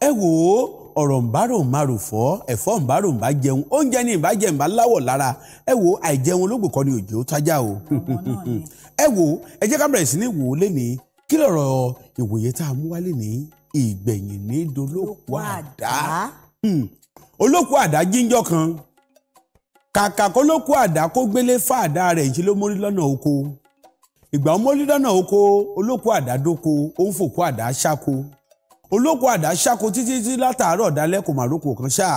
ẹ wò ó ọ̀rọ̀ ń bá ròun máa rò fọ́ ẹ̀fọ́ ń bá ròun bá jẹun oúnjẹ ni ìbá jẹun bá láwọ̀ lára ẹ wò ó àìjẹun olóògbòkọ́ ni òjò tájà o ẹ wò ó ẹ jẹ́ ká bẹ̀rẹ̀ sí ní wò ó lénìí kí lọ̀rọ̀ ìwòye tá a mú wá lénìí ìgbẹ̀yìn ní dolóòkú àdá hmm. olóòkú àdá jíjọ́ kan kàkà kó lóòkú àdá kó gbélé fáàdá rẹ̀ ìṣe ló mórí lọ́nà oko ìgbà ó mórí lọ́nà oko olóòkú àdá dóko ó ń fòkú àdá ṣáko olóko àdá ṣáko títí tí látàárọ̀ dalẹ́ kò má róko kan ṣáà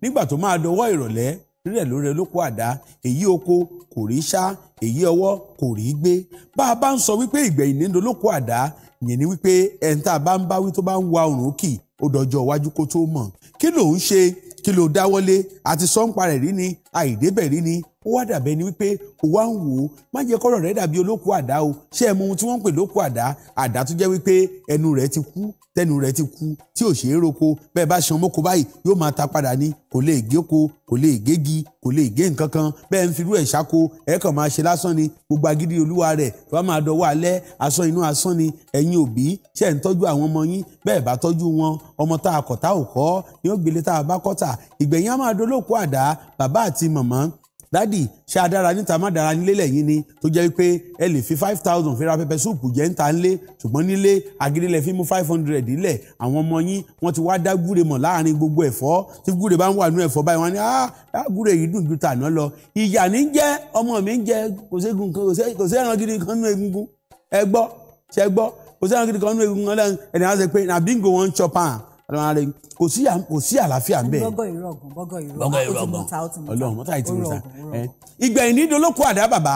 nígbà tó máa dọwọ́ ìrọ̀lẹ́ rírẹ̀ lórí olóko àdá èyí oko kò rí ṣá èyí ọwọ́ kò rí gbé bá a bá ń sọ wípé ìgbẹ̀yìn nínú olóko àdá yẹn ni wípé ẹni tá a bá ń bá wí tó bá ń wa òrùn kì ó dọjọ́ iwájú kó tó mọ̀ kí ló ń ṣe kí ló dáwọ́lé àti sọ́ńpa rẹ̀ rí ni àìdébẹ̀ rí ni ó wá dàbẹ́ ni wípé ó wá ń wò ó má jẹ́ kọ́rọ̀ rẹ̀ dàbí olókùú àdá o ṣé ẹ mọ ohun tí wọ́n ń pè lókùú àdá àdá tó jẹ́ wípé ẹnu rẹ̀ ti kú tẹnu rẹ̀ ti kú tí ò ṣeé roko bẹ́ẹ̀ bá ṣan mọ́kò báyìí yóò máa ta padà ní kò lè géko kò lè gégi kò lè gé nǹkan kan bẹ́ẹ̀ ń firú ẹ̀ ṣáko ẹ̀ kàn máa ṣe lásán ni gbogbo agídí olúwa rẹ̀ wá máa dọwọ́ alẹ́ asán inú asán ni ẹ̀yin òbí ṣe ń tọ́jú àwọn ọmọ yín bẹ́ẹ̀ bá tọ́jú wọn ọmọ tá a kọ̀ tá ò kọ́ ni ó gbélé tá a bá kọ́ tà ìgbẹ̀yìn á máa dolóko àdá bàbá àti màmá dádì ṣe adára níta má dára nílé lẹ́yìn ni tó jẹ́ pé ẹ lè fi five thousand fi ra pẹpẹ súùpù jẹ́ ń ta ń lé ṣùgbọ́n nílé agídílẹ̀ fi mú five hundred nílẹ̀ àwọn ọmọ yín wọ́n ti wá dá gúre mọ̀ láàrin gbogbo ẹ̀fọ́ tí gúre bá ń wà nú ẹ̀fọ́ báyìí wọ́n ní ah gúre yìí dùn ju tàná lọ ìyà ní jẹ́ ọmọ mi ń jẹ kò ségun kò sí ẹran gidi kan nú egungun ẹ gbọ́ ṣẹ gbọ́ kò sí ẹran gidi kan nú egungun ọlọ́run ẹ̀ ara rẹ kò sí kò sí àlàáfíà ń bẹ. bọ́gọ̀ ìrọ̀gùn bọ́gọ̀ ìrọ̀gùn ọlọ́run mọ́tà ìtì mọ́tà ìgbẹ̀yìn nídìí olóko àdá bàbá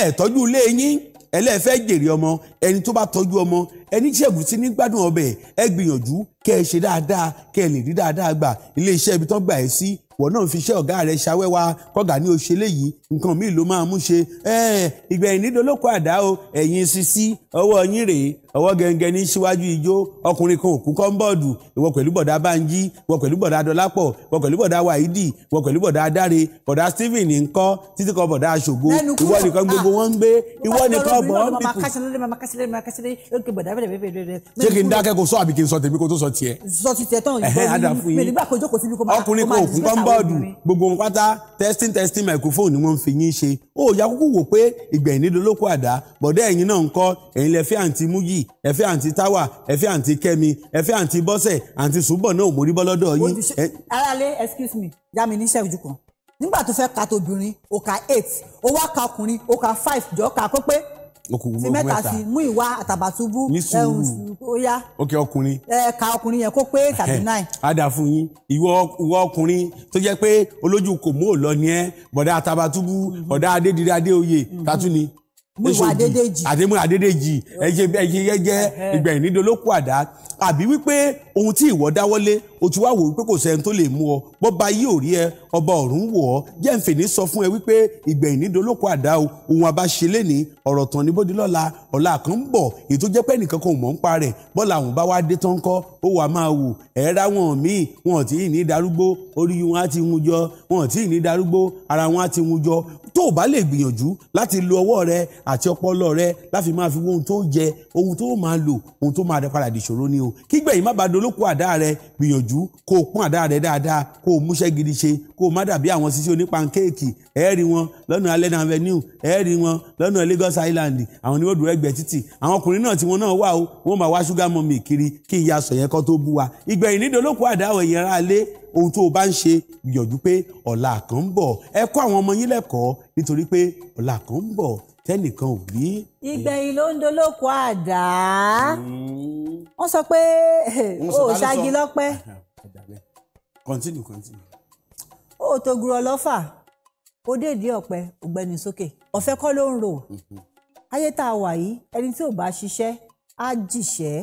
ẹ tọ́jú ilé yín ẹlẹ́fẹ́ jèrè ọmọ ẹni tó bá tọ́jú ọmọ ẹni tí ẹ̀gùn sí ní gbádùn ọbẹ̀ ẹ gbìyànjú kẹ́ ẹ ṣe dáadáa kẹ́ ẹ lè rí dáadáa gbà ilé ibi tó gbà ẹ sí wọ́n náà fi iṣẹ́ ọ̀gá rẹ̀ ṣàwẹ́wà kọ́gà ní òṣèlè yìí nǹkan míì ló máa mú ṣe ìgbà ẹ̀yìn nídolóko àdá o ẹ̀yìn sisi ọwọ́ yín rèé ọwọ́ gẹ́gẹ́ ní síwájú ijó ọkùnrin kan òkú kọ́ńbọ̀dù ìwọ pẹ̀lú bọ̀dá Bánjí ìwọ pẹ̀lú bọ̀dá Dọlápọ̀ ìwọ pẹ̀lú bọ̀dá Wáídì ìwọ pẹ̀lú bọ̀dá Adáre bọ̀dá Stephen ńkọ́ títí kan bọ̀dá Aṣògo ìwọ nìkan gbogbo wọn ń gbé ah, ìwọ nìkan bọ̀ ọ́n bìkù. ṣé kí n dákẹ́ kó sọ àbí kí n sọ tèmi kó tó sọ tiẹ̀. sọ ti tẹ̀ tán soundboard gbogbo wọn pátá testing testing microphone ni wọ́n ń fi yín ṣe ó yà kúkú wò pé ìgbẹ̀yìn nílò olóko àdá bọ̀dẹ́ ẹ̀yin náà ń kọ́ ẹ̀yin lẹ fẹ́ àǹtí múyì ẹ fẹ́ àǹtí táwà ẹ fẹ́ àǹtí kẹ́mi ẹ fẹ́ àǹtí bọ́sẹ̀ àǹtí sùbọ̀ náà mórí bọ́ lọ́dọ̀ yín. aráalé excuse me yá mi ní sẹ́ẹ̀jù kan nígbà tó fẹ́ ka tóbìnrin ó ka eight ó wá ka ọkùnrin ó ka five jọ ká pé pé okùnkùn mẹ́ta ti mẹ́ta sí mú ìwà àtàbàtúbú ẹ̀hún óyá ókè ọkùnrin ẹ̀ka ọkùnrin yẹn kó pé thirty nine. ada fún yín ìwọ ìwọ ọkùnrin tó jẹ́ pé olójú kò mú òlọ ni ẹ bọ̀dá àtàbàtúbú mm-hmm. bọ̀dá adédire adéoyè mm-hmm. tátúni múwà adédèjì àdémú adédèjì ẹyẹ ẹyẹ yẹyẹ ìgbẹ̀yìn nídìí olókùn àdá àbí wípé ohun tí ìwọ dáwọ́lé o ti wá wò wípé kò sẹ́ni tó lè mú ọ bọ́ bá yí ò ẹ ọba ọ̀run wọ̀ ọ́ jẹ́ ń fèní sọ fún ẹ wípé ìgbẹ̀yìn ní dolóko àdá o ohun àbáṣe lẹ́ni ọ̀rọ̀ tán ní bódìlọ́la ọ̀la kan ń bọ̀ èyí tó jẹ́ pé nìkan kan ò mọ̀ ń pa rẹ̀ bọ́lá àwọn bá wá dé tán kọ́ ó wàá máa wò ẹ̀ẹ́dá wọn míì wọn tí ì ní darúgbó orí wọn á ti hun jọ wọn tí ní darúgbó ara wọn á ti hun jọ tó o bá lè gbìyànjú láti lo ọwọ́ rẹ àti ọpọlọ rẹ láfi máa fi wo ohun tó jẹ ohun tó máa lò ohun tó máa dẹ padà dìṣòro ni o kígbẹ̀yìn má bàa dolóko àdá rẹ gbìyànjú kó o pọ́n àdá rẹ dáadáa kó o múṣẹ́ gidi ṣe kó kó o má dàbí àwọn sísí onípankéèkì ẹ rí wọn lọ́nà allen avenue ẹ wọn lọ́nà Lagos Island àwọn ni wọ́n dúró ẹgbẹ́ títì àwọn ọkùnrin náà tí wọ́n náà wà ó wọ́n máa wá ṣúgà mọ́mì kiri kí ìyá sọ yẹn kọ́ tó bú wa ìgbẹ̀yìn nídòlókò àdáwọ̀ ẹ̀yìn ara lé ohun tó o bá ń ṣe gbìyànjú pé ọ̀la kan ń bọ̀ ẹ kọ́ àwọn ọmọ yín lẹ́kọ̀ọ́ nítorí pé ọ̀la kan ń bọ̀ tẹ́nìkan ò rí. ìgbẹ̀yìn ló ń dolóko àdá hmm. wọ́n sọ pé o ò ṣáájú lọ́pẹ́. continue continue òtògùrọ̀ lọ́fà ó dédé ọ̀pẹ ògbẹ́ni sókè ọ̀fẹ́ kọ́ ló ń rò ayé tá a wà yìí ẹni tí ò bá ṣiṣẹ́ á jìṣẹ́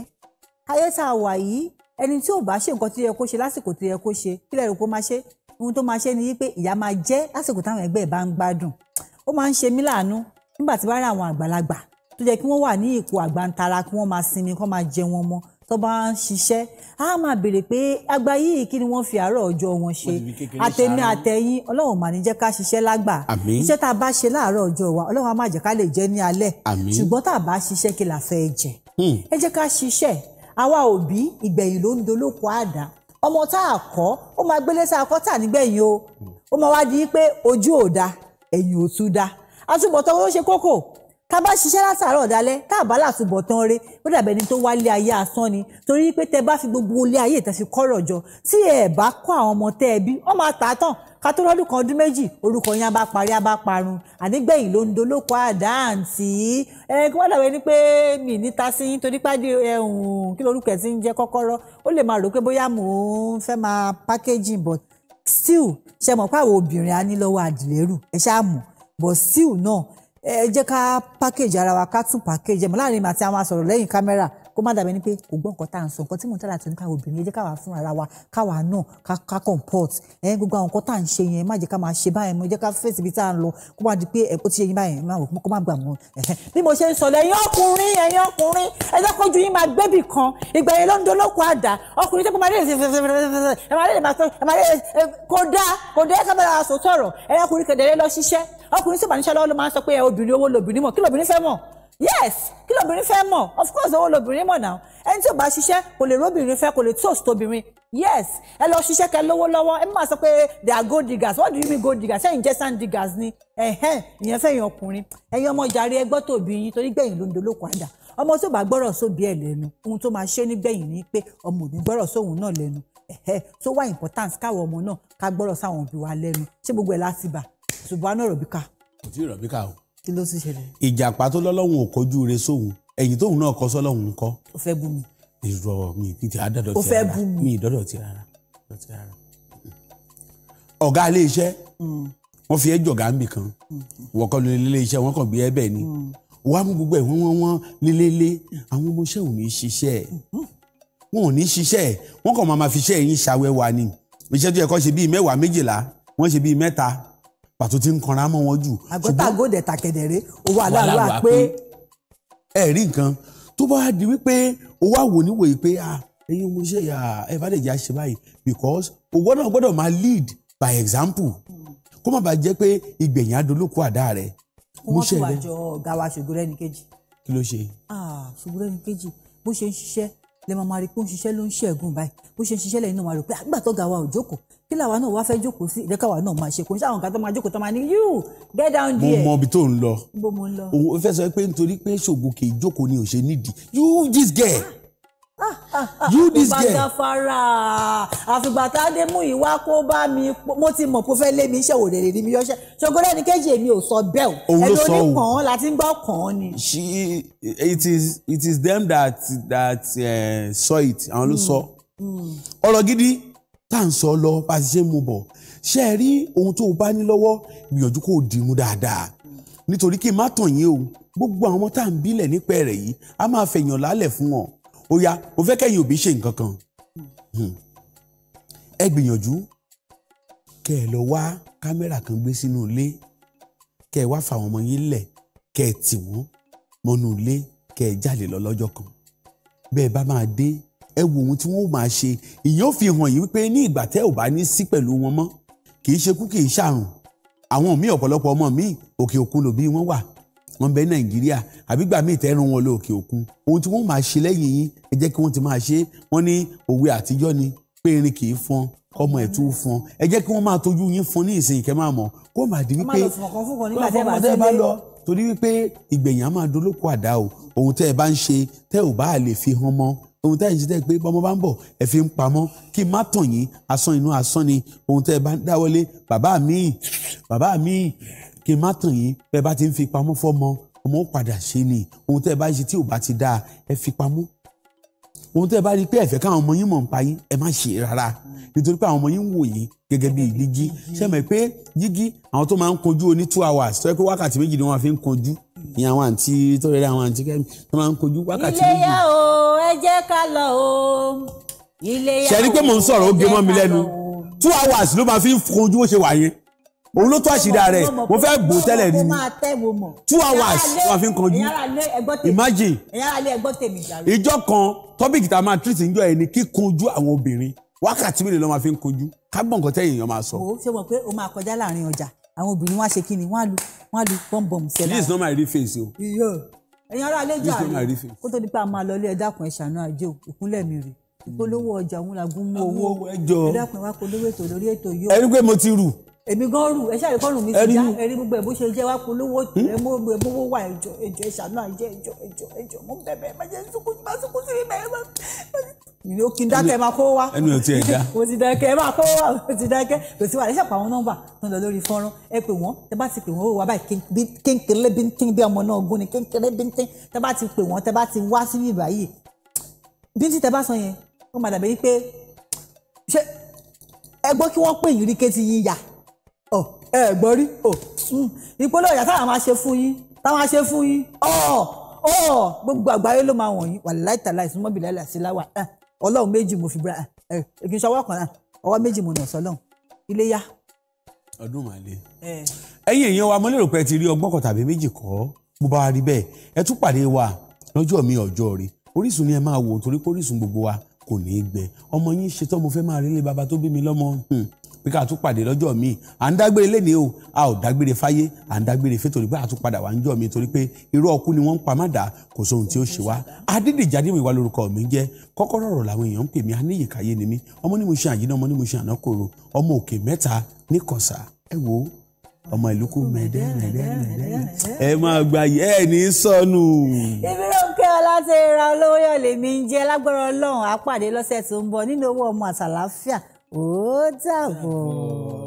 ayé tá a wà yìí ẹni tí ò bá ṣe nǹkan tó yẹ kó ṣe lásìkò tó yẹ kó ṣe kí lẹ́rù kó máa ṣe ohun tó máa ṣe ni wípé ìyá máa jẹ́ lásìkò táwọn ẹgbẹ́ bá ń gbádùn ó máa ń ṣe mí láàánú nígbà tí bá rí àwọn àgbàlagbà tó jẹ́ kí wọ́n wà ní ipò àgbàntara kí wọ́n máa sinmi kí wọ́n máa jẹun ọmọ tó bá ń ṣiṣẹ́ a máa béèrè pé àgbà yìí kí ni wọ́n fi àárọ̀ ọjọ́ wọn ṣe àtẹ̀mí àtẹ̀yìn ọlọ́run mà ní jẹ́ ká ṣiṣẹ́ lágbà iṣẹ́ tá a bá ṣe láàárọ̀ ọjọ́ wa ọlọ́run á má jẹ́ ká lè jẹ ní alẹ́ ṣùgbọ́n tá a bá ṣiṣẹ́ kí la fẹ́ jẹ hmm. ẹ jẹ́ ká ṣiṣẹ́ àwa òbí ìgbẹ̀yìn ló ń dolóko àdá ọmọ tá a kọ́ ó máa gbélé sáà kọ́ tà nígbẹ̀yìn o ó máa wá di pé ojú ò da ẹ̀yìn ò tún da àtúbọ̀tán ó ṣe kókò tá a bá ṣiṣẹ́ látàárọ̀ dalẹ́ tá a bá làtúbọ̀ tán rẹ ó dàbẹ̀ ni tó wálé ayé asán ni torí pé tẹ bá fi gbogbo ilé ayé ìtẹ̀sí kọ́rọ̀ jọ tí ẹ bá kọ́ àwọn ọmọ tẹ́ ẹ bí wọ́n máa tà á tán ká tó lọ́dún kan ọdún méjì orúkọ yẹn á parí á parun ànígbẹ̀yìn ló ń dolóko àdáǹtì ẹ wọ́n dàbẹ̀ ni pé mi níta sí yín torí pàdé ẹ̀hún kí lorúkọ ẹ̀ ti ń jẹ́ kọ́kọ́rọ́ ó lè máa rò pé bóyá mò ń fẹ́ máa packaging but still ṣe mọ̀ pé àwọn obìnrin á ní lọ́wọ́ àdìlérù ẹ ṣáà mọ̀ but still náà ẹ jẹ́ ká package ara wa ká tún package ẹ̀ mọ́ láàrin màtí àwọn asọ̀rọ̀ lẹ́yìn kámẹ́rà kó má dàbẹ́ ni pé kò gbọ́ nǹkan tá à ń sọ nǹkan tí mò ń tẹ́lẹ̀ àti nípa obìnrin jẹ́ káwa fúnra ara wa káwa náà ká ká comport ẹ gbogbo àwọn nǹkan tá à ń ṣe yẹn má jẹ́ ká máa ṣe báyẹn mo jẹ́ ká fèsì ibi tá à ń lọ kó má di pé ẹ̀kọ́ ti ṣe yín báyẹn má kó má gbà wọ́n. bí mo ṣe ń sọ̀rọ̀ ẹ̀yin ọkùnrin ẹ̀yin ọkùnrin ẹ lọ́kọ́jú yín máa gbẹ́bì kan ìgbà yẹn lọ́ńdọ́ lọ́kọ̀ àdá ọkùnrin tó kọ́ máa lè ṣe ẹ máa lè ẹ máa lè kó dá kó dá ẹ ká bára sòtọ̀rọ̀ ẹ ọkùnrin kẹ̀dẹ̀rẹ́ lọ ṣiṣẹ́ ọkùnrin sì bàníṣẹ́ lọ́wọ́ ló máa ń sọ pé obìnrin owó lobìnrin mọ̀ kí lobìnrin fẹ́ mọ̀ yes kí lóbìnrin fẹ́ mọ̀ of course owó lóbìnrin mọ̀ náà ẹni tí ò bá ṣiṣẹ́ kò lè róbìnrin fẹ́ kò lè toast obìnrin yes ẹ lọ ṣiṣẹ́ kẹ lówó lọ́wọ́ ẹ má sọ pé they are gold diggers what do you mean gold diggers ṣẹ́yìn jẹ́ sand diggers ni ẹ̀hẹ́n ìyẹn fẹ́yìn ọkùnrin ẹ̀yin ọmọ jàre ẹgbọ́ tòbí yín torí gbẹ̀yìn ló ń dolóko àdá ọmọ tó bá gbọ́rọ̀ sóbi ẹ̀ lẹ́nu ohun tó máa ṣe nígbẹ̀yìn ni pé ọmọ òní gbọ́rọ̀ sóhun náà lẹ́nu ẹ̀hẹ́ tó wá importance káwọn ọmọ náà ká gbọ́rọ̀ sáwọn òbí wa lẹ́nu ṣé gbogbo ẹ̀ láti bà ṣùgbọ́n náà rọ̀bíkà. kò tí ì rọ̀bíkà o kí ló ti ṣẹlẹ̀. ìjàpá tó lọ́lọ́hún ò kojú re sóhun ẹ̀yìn tóun náà kọ sọ́lọ́hún ń kọ́. ó fẹ́ bú mi. ìrọ̀ mi ìpìtì àdọ̀dọ̀ ti rárá mi ìdọ̀dọ̀ ti rárá. ọ̀gá ilé iṣẹ́ mm. wọ́n fi ẹjọ́ ọ̀gá ń bì kan mm-hmm. wọ́n kọ́ lórí ilé iṣẹ́ wọ́n kàn bí ẹbẹ̀ ni mm. wọ́n mú gbogbo ẹ̀ wọ́n wọ́n wọ́n lélélé àwọn ọmọọṣẹ́ ò ní ṣiṣẹ́ mm-hmm. wọn ò ní ṣiṣẹ́ wọ́n kàn máa fi iṣẹ́ yín ṣàwẹ́wà ni iṣẹ́ tó yẹ kó ṣe bíi mẹ́wàá méjìlá wọ́n ṣe bíi mẹ́ta pàtó ti ń kanra mọ́ wọn jù. àgọ́tàgọ́dẹ̀ tàkẹ̀dẹ̀rẹ́ owó aláàlú àpé. ẹ rí nǹkan tó bá di wípé owó àwòníwòye pé ẹ̀yin mo ṣe ẹ bá lè jẹ́ àṣẹ báyìí because owó náà gbọ́dọ̀ máa lead by example kó má bàa jẹ́ pé ìgbẹ̀yìn adolóko àdá rẹ̀ mo ṣe rẹ̀. wọ́n ti wàjọ ọ̀gá wa ṣògo rẹ́ni kejì. kí ló ṣe. ṣògo rẹ́ni kejì bó ṣe ń ṣiṣẹ́ lè máa rí i pé ó ń ṣiṣẹ́ ló ń ṣẹ́gun báyìí bó ṣe ń ṣiṣẹ́ lẹ́yìn náà máa rò pé àgbà tó ga wa ò jókòó kí làwa náà wá fẹ́ jókòó sí ìdẹ́kàwá náà máa ṣe kò ní sáwọn nǹkan tó máa jókòó tó máa ní yíù get down there. mo mọ ibi tó ń lọ. bó mo ń lọ. o fẹ́ pé nítorí pé ṣògo kì í jókòó ni ò ṣe nídìí you this girl you this girl. àfìgbàtàfàrà àfìgbàtàdé mú ìwà kó bá mi mo ti mọ̀ pé ó fẹ́ lé mi iṣẹ́ òde lè ní mi yọṣẹ́ ṣogbọ́n ẹni kejì èmi ò sọ bẹ́ẹ̀ o ẹni oníkàn án láti ń gbọ́ kàn án ni. she it is it is them that that uh, saw it àwọn ló mm, sọ mm. ọ̀rọ̀ gidi tá à ń sọ lọ bá a ṣe ń mu bọ̀ ṣe é rí ohun tó o bá ní lọ́wọ́ gbìyànjú kó dì mú dáadáa nítorí kí n má tàn yín o gbogbo àwọn tá à ń bílẹ̀ nípẹ̀rẹ̀ yìí a máa fẹ̀yàn lálẹ̀ fún wọn ó yá o fẹ́ kẹ́yìn òbí ṣe nǹkan kan hmm. ẹ gbìyànjú kẹ́ ẹ lọ wá kámẹ́rà kan gbé sínú ilé kẹ́ ẹ wá fà àwọn ọmọ yín lẹ̀ kẹ́ ẹ tì wọ́n mọ́nú ilé kẹ́ ẹ jáde lọ lọ́jọ́ kan bẹ́ẹ̀ bá máa dé ẹ wo ohun tí wọ́n máa ṣe ìyẹn ò fi hàn yín wípé ní ìgbà tẹ́ ò bá ní sí pẹ̀lú wọn mọ́ kì í ṣe kì í ṣàrùn àwọn míì ọ̀pọ̀lọpọ̀ ọmọ míì òkè òkun lòbí wọn wà wọ́n bẹ nàìjíríà àbígbà míì tẹ́rùn wọn lọ òkè òkun ohun tí wọ́n máa ṣe lẹ́yìn yín ẹ jẹ́ kí wọ́n ti máa ṣe wọ́n ní òwe àtijọ́ ni pé erin kì í fọn kọmọ ẹ̀ tún fọn ẹ jẹ́ kí wọ́n máa tójú yín fún ní ìsìn ìkẹ́ máa mọ̀ kó máa di wípé kó máa lọ torí wípé ìgbẹ̀yìn á máa dolóko àdá o ohun tẹ́ ẹ bá ń ṣe tẹ́ ò bá lè fi hàn mọ́ ohun tẹ́ ẹ̀ ń ṣe tẹ́ pé bọ́mọ bá ń bọ̀ ẹ fi ń pamọ́ kí má tàn yín asán inú asán ni ohun tẹ́ ẹ bá ń dáwọ́lé bàbá mi bàbá mi kí n má tàn yín bẹ́ẹ̀ bá ti ń fi pamọ́ fọ́mọ ọmọ ó padà ṣe ni ohun tẹ́ ẹ bá ṣe tí ò bá ti dáa ẹ fi pamọ́ ohun tẹ́ ẹ bá rí i pé ẹ káwọn ọmọ yín mọ̀ nípa yín ẹ má ṣe rárá nítorí pé àwọn ọmọ yín wò yín gẹ́gẹ́ bí ìdíjí sẹ́mi pé yígí àwọn tó máa ń kojú oní two hours tó yẹ pé wákàtí méjì ni wọ́n fi ń kojú ní àwọn àǹtí tó rẹ̀ àwọn àǹtí kẹ́mi tó máa ń kojú wákàtí méjì. iléyà o ẹ jẹ́ ká lọ o iléyà o ẹ jẹ́ ká lọ o. ṣe pé mò ń sọ̀rọ̀ ó gé mọ́ mi lẹ́nu two hours ló máa fi ń kojú bó ṣe wà yẹn òun ló tó àṣírí rẹ̀ mo fẹ́ gbò tẹ́lẹ̀ rí ni two hours wà fi ń kanjú imagine ìjọ kan tọ́pìkì tá a máa tírìtì níjọ ẹni kíkunjú àwọn obìnrin wákàtí mélòó ló máa fi ń kunjú kágbọ̀n nǹkan tẹ́yìn èèyàn máa sọ. o ṣe mọ̀ pé o máa kọjá láàrin ọjà àwọn obìnrin wá ṣe kíni wọ́n á lu wọ́n á lu bọ́m̀bọ̀m̀ sẹ́lá. this is not my real face o. iyo ẹ̀yin ará àlejò àrùn kó tó di pé a máa lọ ilé ẹ̀dá kan ẹ̀ṣánú àjò ìkúnlẹ̀ mi rè ìpolówó ọjà òun làgún mú owó ẹ̀dá kan wá polówó ètò lórí ètò yóò. ẹni pé mo ti rù èmi gan rù ẹ ṣáà ìkọrùn mi ti já ẹrí gbogbo ẹ bó ṣe jẹ wá polówó ẹ mú ẹ mówó wà ẹjọ ẹjọ ẹṣàánú àìjẹ ẹjọ ẹjọ ẹjọ mú bẹbẹ ẹ má jẹ sunkún má sunkún sí ibẹ ẹ má. ìlú kí n dákẹ́ máa kó wá ẹnu ò tiẹ̀ dá mo ti dákẹ́ ẹ máa kó wá mo ti dákẹ́ kò sí wa ẹ ṣàpà àwọn tó ń lọ lórí fọ́nrán ẹ pè wọ́n tẹ bá ti pè wọ́n ó wà báyìí kéńkéré bíntín bí ọmọ náà gún ni kéńkéré bíntín pè yìí bíntín kí wọ́n pè yìí yà ọ ẹ gbọ́ rí ọ ìpínlẹ̀ ọ̀yà táwọn máa ṣe fún yín táwọn máa ṣe fún yín ọ ọ gbogbo àgbáyé ló máa wọ̀n yín wà láìtàláì súnmọ́ bìlẹ̀ àìsí láwà ọlọ́run méjì mo fi bra ẹ kì í ṣe ọwọ́ kan náà ọwọ́ méjì mo nà sọ́lọ́run iléyá. ọdún màlẹ ẹ̀yin èèyàn wa mo lérò pé ẹ ti rí ọgbọ́n kan tàbí méjì kọ́ mo bá wa rí bẹ́ẹ̀ ẹ tún pàdé wa lọ́jọ́ mi ọjọ́ rí Orísun ni ẹ máa wò torí pé Orísun gbogbo wa kò ní í gbẹ ọmọ yín ṣetán mo fẹ́ máa rí ilé baba tó bí mi lọ́mọ hmm pé ká tún pàdé lọ́jọ́ míì à ń dágbére lénìí o a ò dágbére fáyé à ń dágbére fẹ́ torí pé a tún padà wá ń jọ́ mi torí pé irú ọkú ni wọ́n ń pa má dà kò sóhun tí ó ṣe wá Adédèjì Adémìwá lórúkọ mi jẹ́ kọ́kọ́rọ́ ọ̀rọ̀ làwọn èèyàn ń pè mí aníyèkáyé ni mí ọmọ ní mo ṣe àyínà ọmọ ní mo ṣe ànákòrò ọmọ òkè mẹ́ta ní kọ̀sà ẹ wo ọmọ ìlú kù mẹ́ẹ̀ẹ́dẹ́gbẹ̀rẹ́ ẹ máa gba yẹ ẹ ní sọnù. ibi ló ń kẹ́ ọ láti ra olówó yọ̀ lèmi ń jẹ́ lágbára Ọlọ́run àpàdé lọ́sẹ̀ tó ń bọ̀ nínú owó ọmọ 不在乎。